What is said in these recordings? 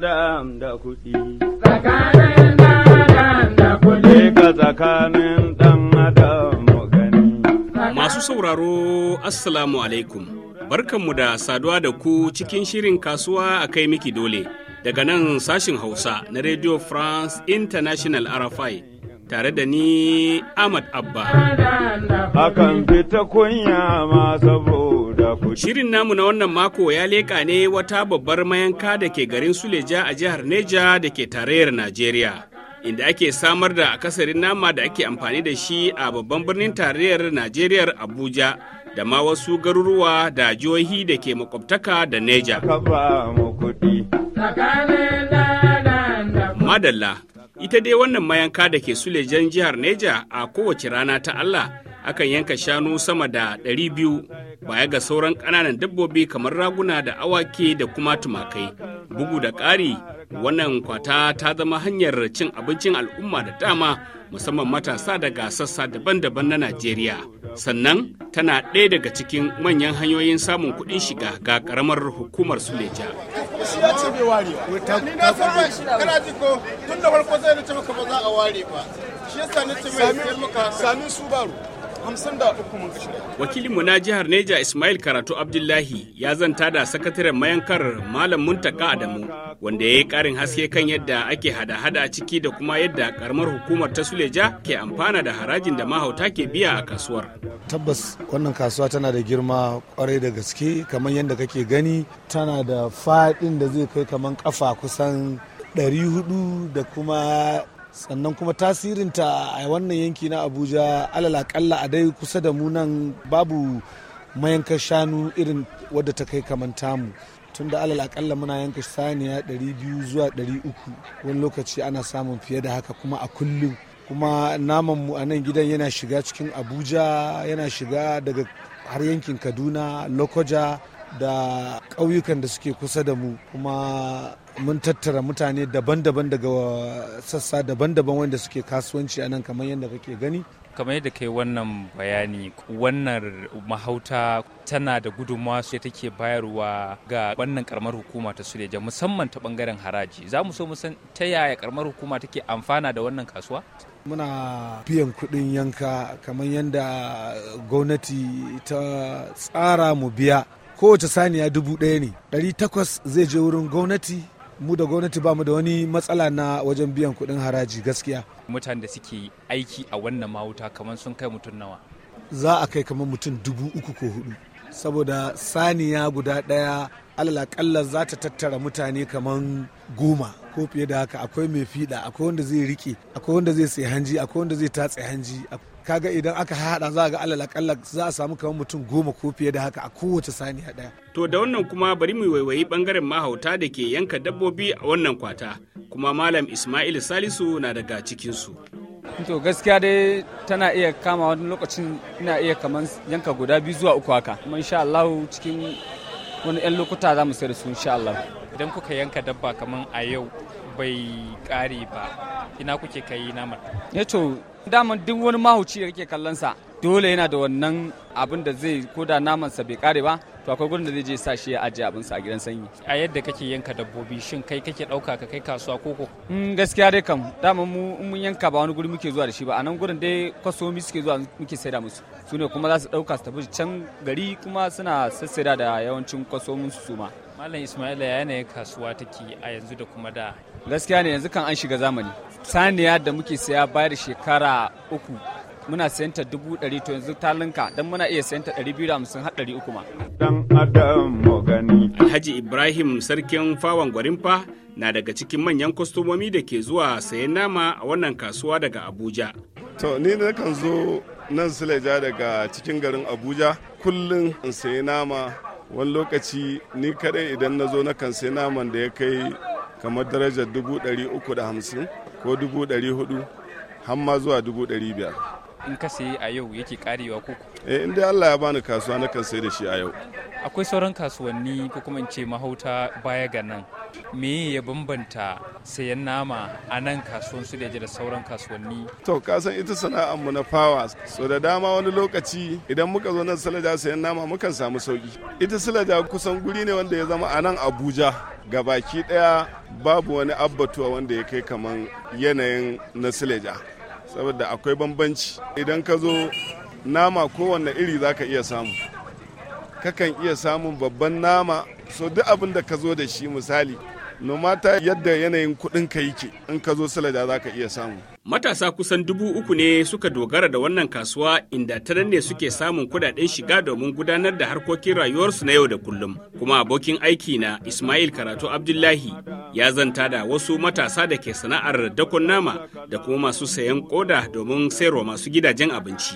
dam da Masu sauraro Assalamu alaikum. Barkanmu da saduwa da ku cikin shirin kasuwa a kai miki dole. Daga nan sashin Hausa na Radio France International RFI tare da ni Ahmad Abba. Akan fita kunya ma saboda Shirin namu na wannan mako ya leƙa ne wata babbar mayanka da ke garin Suleja a jihar Neja da ke tarayyar Najeriya. Inda ake samar da akasarin nama da ake amfani da shi a babban birnin tarayyar Najeriya Abuja da ma wasu garuruwa da jihohi da ke makwabtaka da Neja. Madalla Ita dai wannan mayanka da ke Sulejan jihar Neja a kowace rana ta Allah akan yanka shanu sama da 200 baya ga sauran kananan dabbobi kamar raguna da awake da kuma tumakai. Bugu da ƙari wannan kwata ta zama hanyar cin abincin al'umma da dama musamman matasa daga sassa daban-daban na Najeriya. Sannan tana ɗaya daga cikin manyan hanyoyin samun kuɗin shiga ga ƙaramar hukumar Suleja. shi ya ce bai ware ba ni na san bai kana ji ko tun da farko zai nace maka ba za a ware ba shi yasa nace mai sayar maka sami subaru wakilin mu na jihar Neja Ismail Karatu Abdullahi ya zanta da sakataren mayankar Malam Muntaka Adamu wanda ya yi karin haske kan yadda ake hada-hada ciki da kuma yadda karamar hukumar ta Suleja ke amfana da harajin da mahauta ke biya a kasuwar. Tabbas wannan kasuwa tana da girma kwarai da gaske kamar yadda kake gani tana da faɗin da zai kai kamar kafa kusan 400 da kuma sannan kuma tasirinta a wannan yanki na abuja alal akalla a dai kusa da mu nan babu mayanka shanu irin wadda ta kai kaman tamu tun da alal akalla muna yanka saniya 200 zuwa 300 wani lokaci ana samun fiye da haka kuma a kullum kuma naman mu a nan gidan yana shiga cikin abuja yana shiga daga har yankin kaduna lokoja da ƙauyukan da suke kusa da mu kuma mun tattara mutane daban-daban daga sassa daban-daban wanda suke kasuwanci a nan kamar yadda kake gani kamar yadda kai wannan bayani wannan mahauta tana da gudunmawa su take bayarwa ga wannan karamar hukuma ta suleja musamman ta bangaren haraji za mu so mu san ta yaya karamar hukuma take amfana da wannan kasuwa muna biyan kuɗin yanka kamar yadda gwamnati ta tsara mu biya kowace saniya dubu ɗaya ne ɗari takwas zai je wurin gwamnati mu da gwamnati ba mu da wani matsala na wajen biyan kuɗin haraji gaskiya mutanen da suke aiki a wannan mahuta kamar sun kai mutum nawa za a kai kamar mutum dubu uku ko hudu saboda saniya guda ɗaya alalakalla za ta tattara mutane kamar goma ko fiye da haka akwai mai fiɗa akwai wanda zai rike akwai wanda zai sai hanji akwai wanda zai tatse hanji kaga idan aka haɗa za ga alal akalla za a samu kamar mutum goma ko fiye da haka a kowace saniya ɗaya. To da wannan kuma bari mu waiwayi bangaren mahauta da ke yanka dabbobi a wannan kwata kuma Malam Ismail Salisu na daga su. To gaskiya dai tana iya kama wani lokacin ina iya kamar yanka guda biyu zuwa uku haka. Kuma insha Allah cikin wani 'yan lokuta za mu sai da su insha Allah. Idan kuka yanka dabba kamar a yau bai kare ba ina kuke kai naman ya eh to daman duk wani mahauci da kake kallon sa dole yana da wannan abin da zai koda naman sa bai kare ba to akwai gurin da zai je sa shi ya ajiye abin sa a gidan sanyi a yadda kake yanka dabbobi shin kai kake dauka ka kai kasuwa ko mm gaskiya dai kam daman mu in mun yanka ba wani guri muke zuwa da shi ba a nan gurin dai kwasomi suke zuwa muke saida musu su ne kuma za su dauka su tafi can gari kuma suna sassaida da yawancin kwasomin su suma malam ismaila ya yanayin kasuwa take a yanzu da kuma da gaskiya ne yanzu kan an shiga zamani saniya da muke saya bayar shekara uku muna sayan ta dubu ɗari to yanzu ta linka don muna iya sayanta ta ɗari biyu da hamsin har ɗari uku ma. Dan Adam Mogani. Alhaji Ibrahim Sarkin Fawan fa na daga cikin manyan kwastomomi da ke zuwa sayan nama a wannan kasuwa daga Abuja. To ni na kan zo nan Suleja daga cikin garin Abuja kullum in sayi nama wani lokaci ni kadai idan na zo na kan sayi naman da ya kai kamar darajar 350 ko 400 har ma zuwa 500 in ka sayi a yau yake karewa ko ku. Eh, in dai Allah ya bani kasuwa na kan sai da shi a yau akwai sauran kasuwanni ko kuma in ce mahauta baya ga nan me ya bambanta sayan nama a nan kasuwan su da da sauran kasuwanni to ka san ita sana'ar na fawa so da dama wani lokaci idan muka zo nan salaja sayan nama mukan samu sauki ita salaja kusan guri ne wanda ya zama a nan Abuja ga baki daya babu wani abbatuwa wanda ya kai kaman yanayin na sileja saboda akwai bambanci idan ka zo nama kowanne iri za ka iya samu kakan iya samun babban nama so duk abin da ka zo da shi misali no mata yadda yanayin kudin ka yake in ka zo salada za ka iya samu Matasa kusan dubu uku ne suka dogara da wannan kasuwa inda ta nan ne suke samun kudaden shiga domin gudanar da harkokin rayuwarsu na yau da kullum. Kuma abokin aiki na Ismail Karatu Abdullahi ya zanta da wasu matasa da ke sana'ar dakon nama da kuma masu sayan koda domin sayarwa masu gidajen abinci.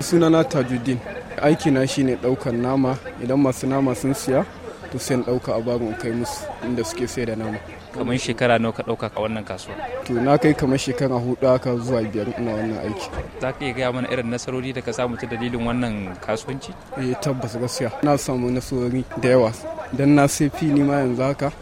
Sunana Tajuddin, aiki na shine ɗaukar nama idan masu nama sun siya to sai ɗauka a barin kai musu inda suke sayar da nama. kamar shekara nawa ka ɗauka a wannan kasuwa to na kai kamar shekara hudu haka zuwa biyar ina wannan aiki za ka iya gaya mana irin nasarori da ka samu ta dalilin wannan kasuwanci eh tabbas gaskiya na samu nasarori da yawa dan na sai fili ma yanzu haka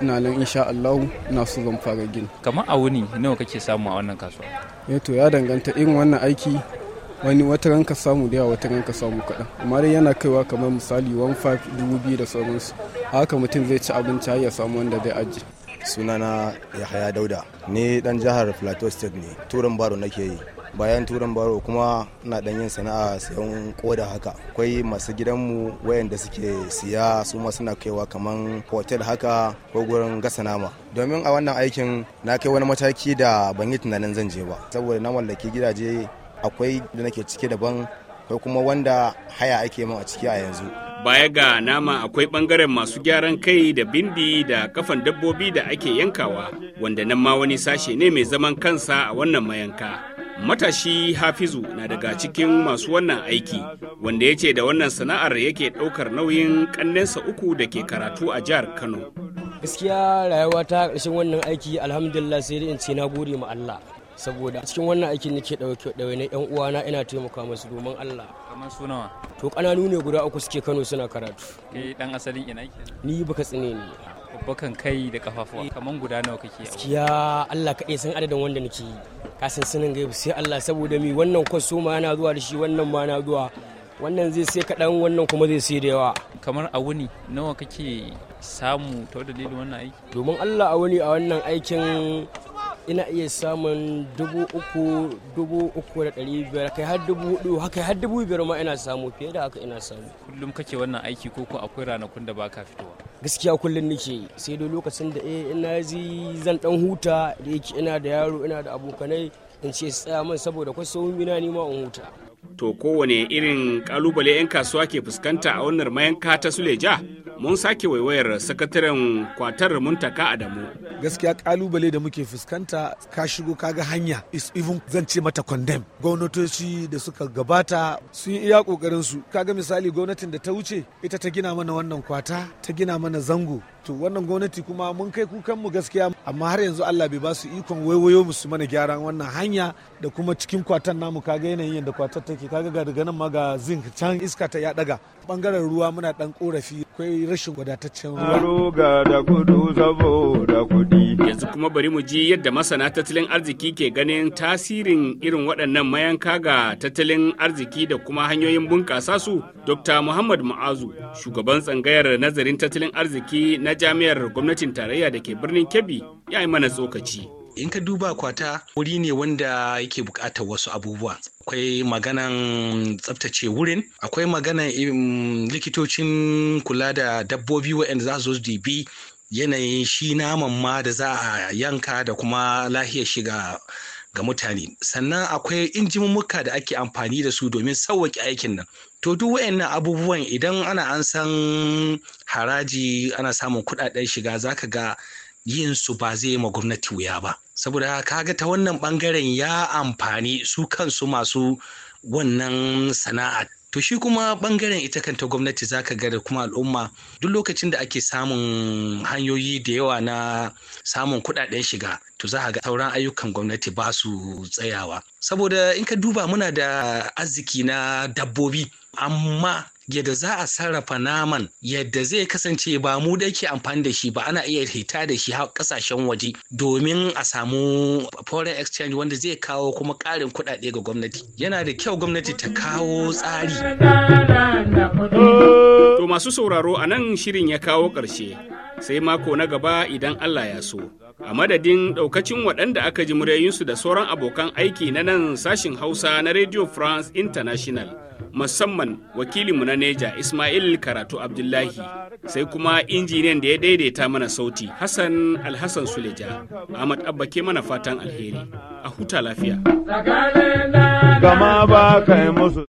ina nan insha Allah ina so zan fara gini kamar a wuni nawa kake samu a wannan kasuwa eh to ya danganta irin wannan aiki wani wata ranka samu da yawa wata ranka samu kaɗan amma dai yana kaiwa kamar misali 1,500 da sauransu haka mutum zai ci abinci ya samu wanda zai aji sunana yahaya dauda ni dan jihar plateau state ne turin baro nake yi bayan turan baro kuma na dan yin sana'a sayan koda haka akwai masu gidanmu wayanda suke siya su ma suna kaiwa kamar hotel haka ko gurin gasa nama domin a wannan aikin na kai wani mataki da ban yi tunanin zan je ba saboda na mallaki gidaje akwai da nake cike daban akwai kuma wanda haya ake min a ciki a yanzu baya ga nama akwai bangaren masu gyaran kai da bindi da kafan dabbobi da ake yankawa wanda nan ma wani sashe ne mai zaman kansa a wannan mayanka matashi hafizu na daga cikin masu wannan aiki wanda ya ce da wannan sana'ar yake ɗaukar nauyin ƙannensa uku da ke karatu a jihar kano gaskiya rayuwa ta ƙarshen wannan aiki alhamdulillah sai in ce na gode ma allah saboda cikin wannan aikin nake dauke da wani yan uwana ina taimaka musu domin Allah kamar sunawa to kananu ne guda uku suke Kano suna karatu kai dan asalin ina kenan ni baka tsine ne kan kai da kafafuwa kamar guda nawa kake gaskiya Allah kaɗai san adadin wanda nake yi ka san sanin gaibu sai Allah saboda mi wannan kwaso ma yana zuwa da shi wannan ma yana zuwa wannan zai sai kaɗan wannan kuma zai sai da yawa kamar a wuni nawa kake samu ta dalilin wannan aiki domin Allah a wuni a wannan aikin ina iya samun dubu uku dubu uku da ɗari biyar kai har dubu hudu haka har dubu biyar ma ina samu fiye da haka ina samu kullum kake wannan aiki ko ko akwai ranakun da baka fitowa gaskiya kullum nake sai dai lokacin da eh ina ji zan dan huta da yake ina da yaro ina da abokanai in ce tsaya min saboda kwasomi ina nima in huta to kowane irin kalubale 'yan kasuwa ke fuskanta a wannan mayanka ta suleja mun sake waiwayar sakataren kwatar muntaka damu. gaskiya kalubale da muke fuskanta ka shigo kaga hanya is even zan ce mata condemn gwamnatoci da suka gabata sun yi iya kokarin su kaga misali gwamnatin da ta wuce ita ta gina mana wannan kwata ta gina mana zango to wannan gwamnati kuma mun kai kukan mu gaskiya amma har yanzu Allah bai ba su ikon waiwayo musu mana gyaran wannan hanya da kuma cikin kwatan namu kaga yanayin yadda kwatar take kaga ga daga nan ma ga zinc can iska ta ya daga bangaren ruwa muna dan korafi akwai rashin wadataccen ruwa da gudu saboda kudi yanzu kuma bari mu ji yadda masana tattalin arziki ke ganin tasirin irin waɗannan mayanka ga tattalin arziki da kuma hanyoyin bunƙasa su dr muhammad ma'azu shugaban tsangayar nazarin tattalin arziki na jami'ar gwamnatin tarayya da ke birnin kebbi ya yi mana tsokaci in ka duba kwata wuri ne wanda yake bukatar wasu abubuwa akwai maganan tsaftace wurin akwai maganan likitocin kula da dabbobi waɗanda za su zo dibi yanayin shi naman ma da za a yanka da kuma lahiyar shiga ga mutane sannan akwai injimummuka da ake amfani da su domin sauwaƙe aikin nan to duk wayannan abubuwan idan ana an san haraji ana samun kuɗaɗen shiga zaka ga yin su ba zai ma gwamnati wuya ba saboda kaga ta wannan bangaren ya amfani su kansu masu wannan sana'a to shi kuma bangaren ita kanta gwamnati zaka ga da kuma al'umma duk lokacin da ake samun hanyoyi da yawa na samun kudaden shiga to za ga sauran ayyukan gwamnati ba su tsayawa saboda in ka duba muna da arziki na dabbobi amma yadda za a sarrafa naman yadda zai kasance ba mu da ke amfani da shi ba ana iya hita da shi har kasashen waje domin a samu foreign exchange wanda zai kawo kuma ƙarin kuɗaɗe ga gwamnati yana da kyau gwamnati ta kawo tsari to masu sauraro a nan shirin ya kawo ƙarshe sai mako na gaba idan Allah ya so a madadin daukacin waɗanda aka ji murayinsu da sauran abokan aiki na nan sashin hausa na radio france international musamman wakilinmu na neja ismail karatu abdullahi sai kuma injiniyan da ya daidaita mana sauti hassan alhassan suleja ahmad abba ke mana fatan alheri a huta lafiya